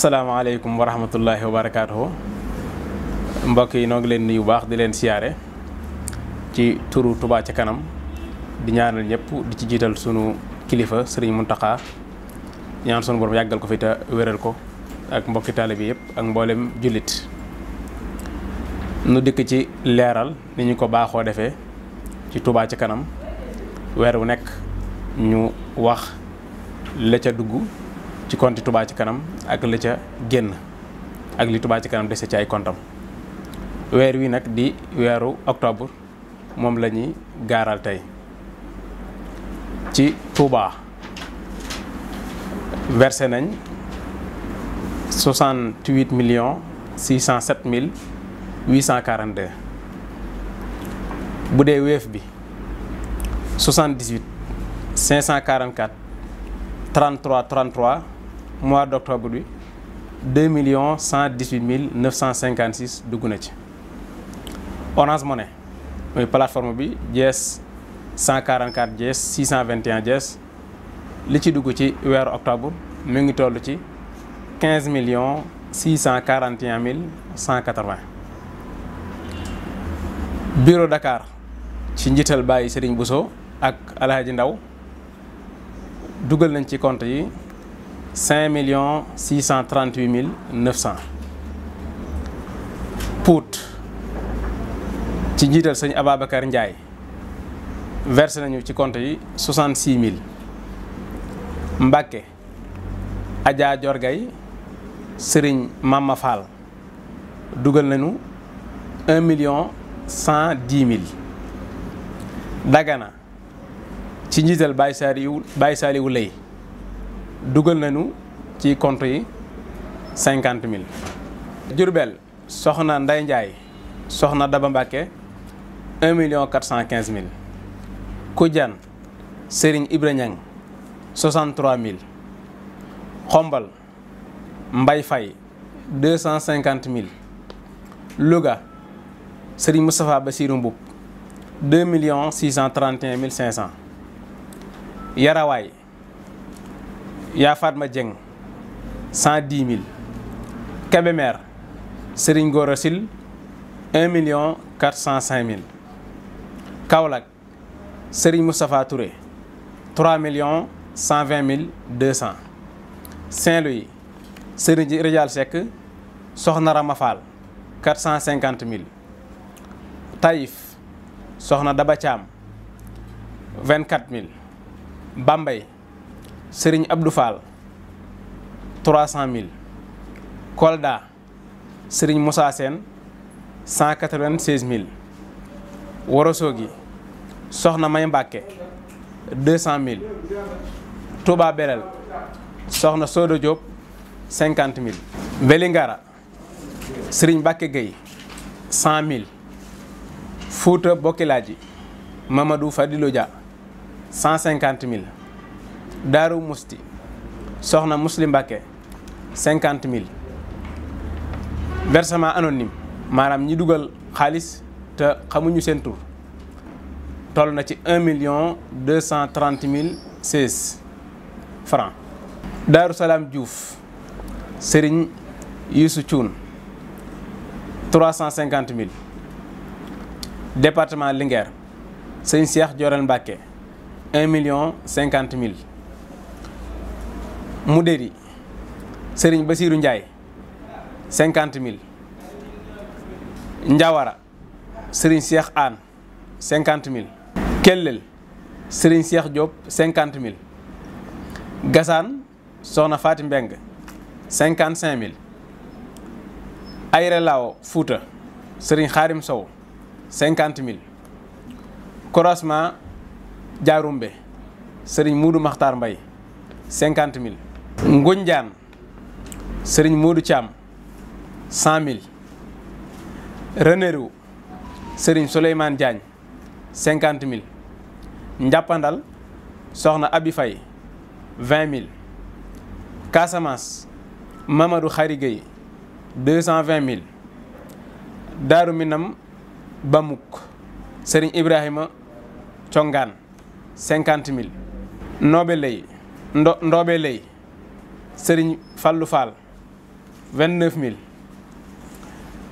salaamaaleykum wa rahmatullahi wa barakaatuhu mbokk yi noo leen nuyu bu baax di leen siyaare ci turu Touba ca kanam di ñaanal ñëpp di ci jiital sunu kilifa sëriñ Mountakha ñaan sunu borom yàggal ko fi te wéral ko ak mbokki taalibe yëpp ak mbooleem jullit nu dikk ci leeral ni ñu ko baaxoo defee ci Touba ca kanam weer wu nekk ñu wax la ca dugg ci compte Touba ci kanam ak la ca génn ak li Touba ci kanam dese ci ay kontam weer wi nag di weeru octobre moom la ñuy gaaral tey ci Touba versé nañ 68 millions 607 mille 842 bu dee wéef bi 78 mois d' octobre bi deux millions cent dix huit mille neuf cent cinquante six dugg na ci Orange Money muy plateforme bi jees cent quarante quatre jees cent vingt et un li ci dugg ci weeru octobre mu ngi toll ci quinze millions six cent quarante et mille cent quatre vingt bureau Dakar ci njiital bàyyi Serigne Bousso ak Alhaji Ndaw dugal nañ ci compte yi cinq millions six cent trente huit mille neuf cent Pout ci njiital sëñ Ababacar Ndiaye versé nañu ci compte yi soixante six mille Mbacké Adja Diorgay Serigne Mama dugal nañu un million cent dix mille Dagana ci njiital Baye Saliou Baye Saliou Lay dugal nañu ci compte yi cinquante mille. Diourbel soxna Ndeye Ndiaye soxna Daba Mbacke un million quatre cent quinze mille. Koudiane Serigne Ibra Niang soixante trois mille. Xombal Mbay Fay deux cent cinquante mille. Louga Serigne Moustapha Bassirou Mboup deux millions six cent trente et mille cinq cent. Yarawaay. Yaa Fatma Dieng cent dix mille Kébémer Serigne Gora Sil un million quatre cent cinq mille Kaolack Serigne Moustapha Touré trois millions cent vingt mille deux cent Saint-Louis Serigne Ridial Seck Soxna Rama Fall cent cinquante mille Taïf Soxna Daba Thiam vingt quatre mille Bambey Serigne Abdou Fall trois cent mille Kolda Serigne Moussa Sène cent quatre vingt mille Worosogi Soxna May Mbàkke deux cent mille Touba Soxna Sodo Diop cinquante mille Vélingara Serigne Mbàkke Gueye cent mille Fouta Bokkilaaji Mamadou Dia cent cinquante mille Daaru Musti soxna Muslim Mbàkke cinquante mille versement anonyme maanaam ñi dugal xaalis te xamuñu seen tur toll na ci un million deux cent trente mille seize francs Daaru Salaam Diouf Sëriñ Yuusu Cuun trois cent cinquante mille département Linguère Sëñ Seex Joreel Mbàkke un million cinquante mille Moudéri Serigne Bassirou Ndiaye cinquante mille Ndiawara Serigne Cheikh Anne cinquante mille Kellel Serigne Cheikh Diop cinquante mille Gassane Soxna Faati Mbeng cinquante cinq mille Ayré Lao Fouta Serigne Xaarim Sow cinquante mille Korasma Diaroumbe Serigne Moudou Makhtar Mbaye cinquante mille Ngunjaan Serigne Modou Thiam cent mille Ranérou Serigne Souleymane Diagne cinquante mille Njàppandal Soxna abifay vingt mille Casamance Mamadou Khary Gueye deux cent vingt mille Daaru Minam Bamuk Serigne Ibrahima Congaan cinquante mille Ndoobe Lay Ndoobe Lay Serigne Fallou Fall vingt neuf mille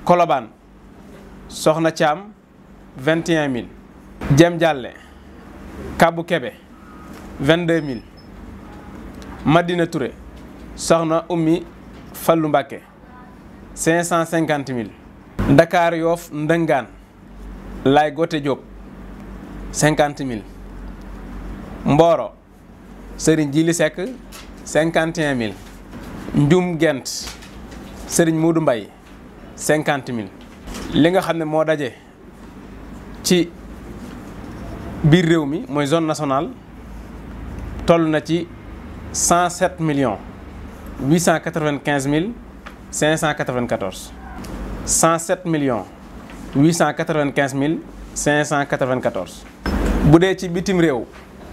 Colobane Soxna Thiam vingt et mille Jem Dialle Kabou Kebe vingt deux mille Madina Touré Soxna Ummi Fallou Mbacké cinq cent cinquante mille Dakar Yoff Ndëngaan Lay Gote Diop cinquante mille Mboro Serigne Djili Seck cinquante et mille njum gént sëriñ Muudu Mbay cinquante mille li nga xam ne moo daje ci biir réew mi mooy zone nationale toll na ci cent sept millions huit cent quatre vingt mille cinq cent cent sept millions huit cent quatre mille cinq cent quatre bu dee ci bitim réew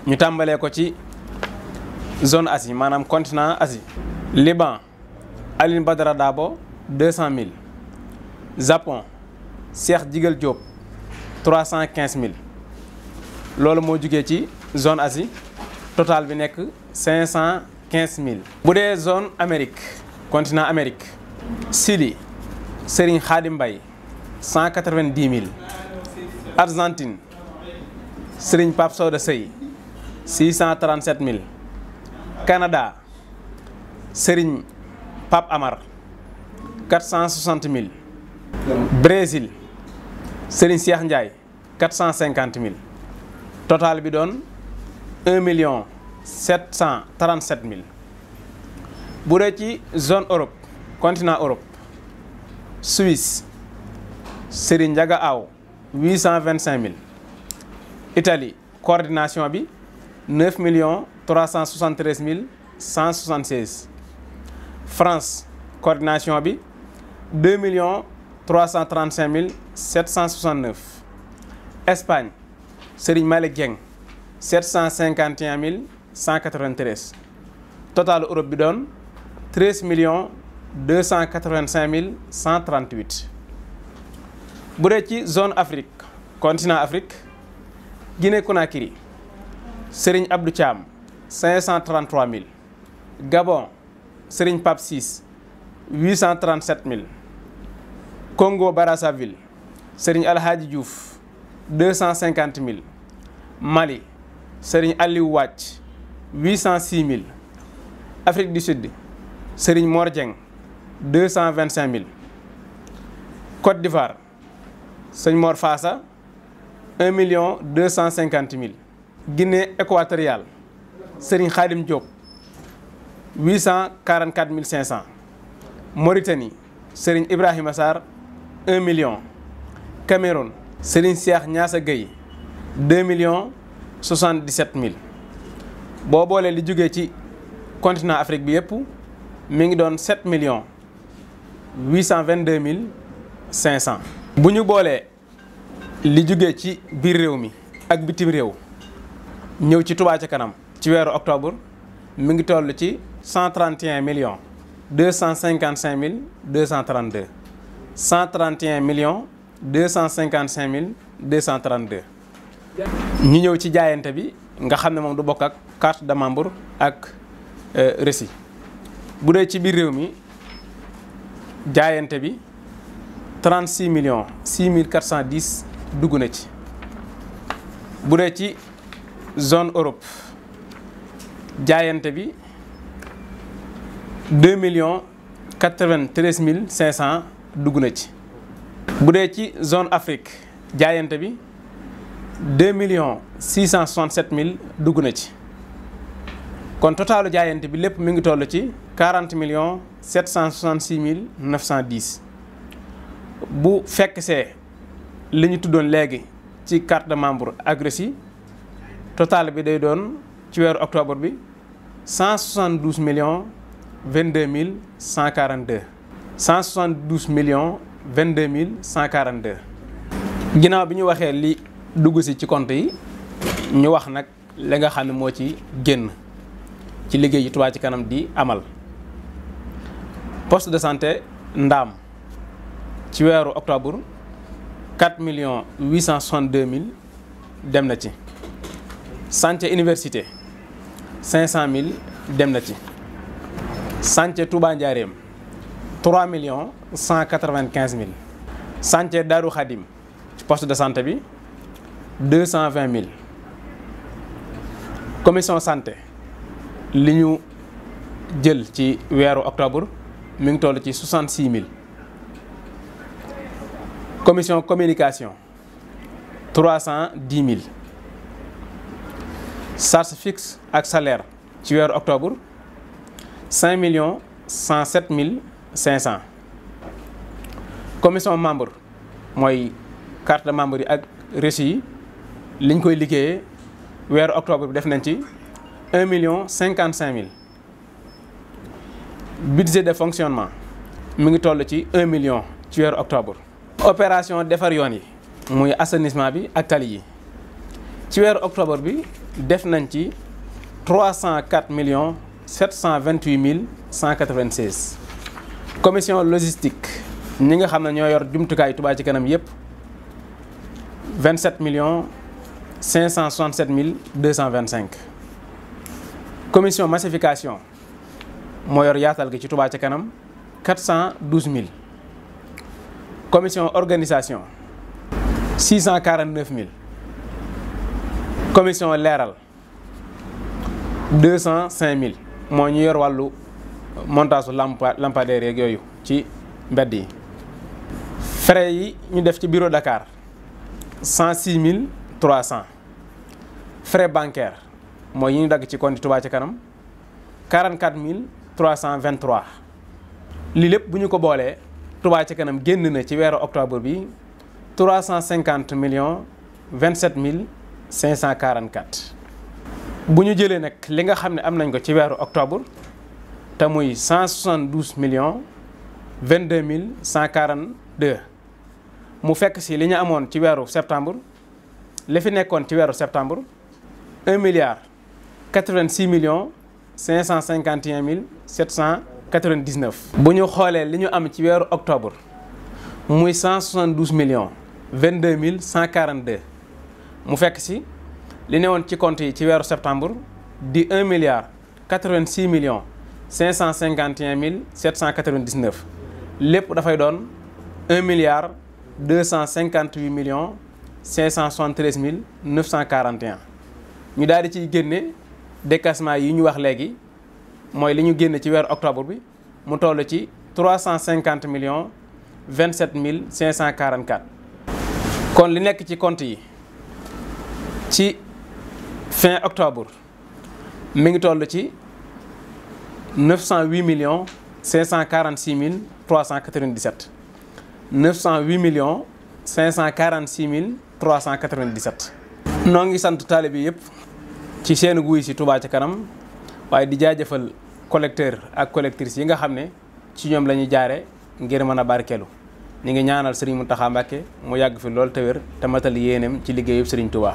ñu tàmbalee ko ci zone Asie maanaam continent Asie Liban Aline Badara Dabo deux cent mille Japon Cheikh Jigal Diop trois cent quinze mille loolu moo jugee ci zone Asie total bi nekk cinq cent quinze mille bu dee zone Amérique continent Amérique Chili Serigne Khadim Mbaye cent quatre vingt mille Argentine Serigne Pape Soda Sey cent trente sept mille Canada Serigne Pape Amar quatre cent soixante mille. Brésil Serigne Cheikh Ndiaye quatre cent cinquante mille. total bi doon un million sept cent trente mille. bu dee ci zone Europe continent Europe Suisse Serigne Ndiaga Aw huit cent vingt cinq mille. Italie coordination bi neuf millions. 373 176 France coordination bi 2 millions 335 769 Espagne Serigne Malick Dieng 751 193 total Europe bi doon 13 millions 285 138 bu dee ci zone Afrique continent Afrique Guinée Conakry Serigne Abdou Thiam 533 000 Gabon Serigne Pape 6 837 000 Congo Brazzaville Serigne Alhaji Diouf 250 000 Mali Serigne Aliou Wacc 806 000 Afrique du Sud Serigne Mor Dieng 225 000 Côte d'Ivoire Serigne Mor Fassa 1 million 250 000 Guinée équatoriale Serigne Khadim Diop 844 500 Mauritanie Serigne Ibrahima Sarr 1 million Cameroun Serigne Cheikh Niassa Gueye 2 millions 77 mille boo boolee li jógee ci continent Afrique bi yëpp mi ngi doon 7 millions 822 mille 500. bu ñu boolee li jógee ci biir réew mi ak bitim réew ñëw ci Touba ca kanam. ci weeru octobre mi ngi toll ci cent trente et deux cent cinquante cinq mille deux cent cent trente et un millions cent cinquante cinq mille deux cent ñu ñëw ci jaayante bi nga xam ne moom du bokk ak carte de ak euh, récit bu dee ci biir réew mi jaayante bi 36 millions 6410 dugg na ci bu dee ci zone Europe jaayante bi deux millions quatre vingt mille cinq cent dugg na ci. bu dee ci zone Afrique jaayante bi deux millions six cent soixante-sept mille dugg na ci kon totalu jaayante bi lépp mi ngi toll ci quarante millions sept cent soixante mille neuf cent bu fekk see li ñu tuddoon léegi ci carte membre agressif total bi day doon. ci weeru octobre bi cent soixante douze millions vingt deux mille cent quarante cent soixante douze millions vingt deux mille cent quarante deux. ginnaaw bi ñu waxee li dugg si ci compte yi ñu wax nag li nga xam ne moo ci génn ci liggéey yi Touba ci kanam di amal poste de santé ndaam ci weeru octobre quatre millions huit cent soixante deux mille dem na ci santé université cinq cent mille dem na ci sànce Touba Njaareem trois millions cent quatre-vingt-quinze mille sànce Daaru Xadim ci poste de santé bi deux cent vingt mille commission santé li ñu jël ci weeru octobre mu ngi toll ci soixante-six mille commission communication trois cent dix mille charge fixe ak salaire ci weer octobre cinq millions cent sept mille cinq cent commission membre mooy carte de membre yi ak reçu yi liñ koy liggéeyee weer octobre bi def nañ ci un million cinquante cinq mille budget de fonctionnement mu ngi toll ci un million ci weeru octobre opération defar yoon yi muy assainissement bi ak tali yi ci weer octobre bi def nañ ci trois cent quatre millions sept cent vingt huit mille cent quatre vingt seize. commission logistique ñi nga xam ne ñoo yor jumtukaay Touba ci kanam yépp vingt sept millions cinq cent soixante sept mille deux cent vingt cinq. commission massification moo yor yaatal gi ci Touba ci kanam quatre cent douze mille. commission organisation six cent quarante neuf mille. commission leeral deux cent mille moo ñu yor wàllu montage su lampa lampadaire yooyu ci mbedd yi frais yi ñu def ci bureau Dakar cent six mille trois cent frais bancaire mooy yi ñu dagg ci compte Touba ci kanam quarante quatre mille trois cent vingt lii lépp bu ñu ko boolee Touba ci kanam génn na ci weeru octobre bi trois cent cinquante millions vingt sept mille 544 bu ñu jëlee nag li nga xam ne am nañ ko ci weeru octobre te muy million millions 22 mille 142 mu fekk si li ñu amoon ci weeru septembre li fi nekkoon ci weeru septembre 1 milliard 86 millions 551 mille 799. bu ñu xoolee li ñu am ci weeru octobre muy 172 million 22 mille 142. mu fekk si li woon ci compte yi ci weeru septembre di 1 milliard 86 millions 551 mille 799 lépp dafay doon 1 milliard 258 millions 573 mille 941 ñu daal di ciy génne décaissement yi ñu wax léegi mooy li ñu génne ci weeru octobre bi mu toll ci 350 millions 27 mille 544 kon li nekk ci compte yi ci fin octobre mi ngi toll ci neuf cent huit millions cinq cent quarante six mille trois cent quatre vingt dix sept neuf cent huit millions cinq cent mille trois cent quatre vingt dix sept noo ngi sant taalibe yëpp ci seen guy si Touba ca kanam waaye di jaajëfal collecteur ak collectrice yi nga xam ne ci ñoom la ñuy jaare ngir mën a barkeelu ñu ngi ñaanal Serigne Mountakha Mbacké mu yàgg fi loolu te wér te matal yéeneem ci liggéeyub Serigne Touba.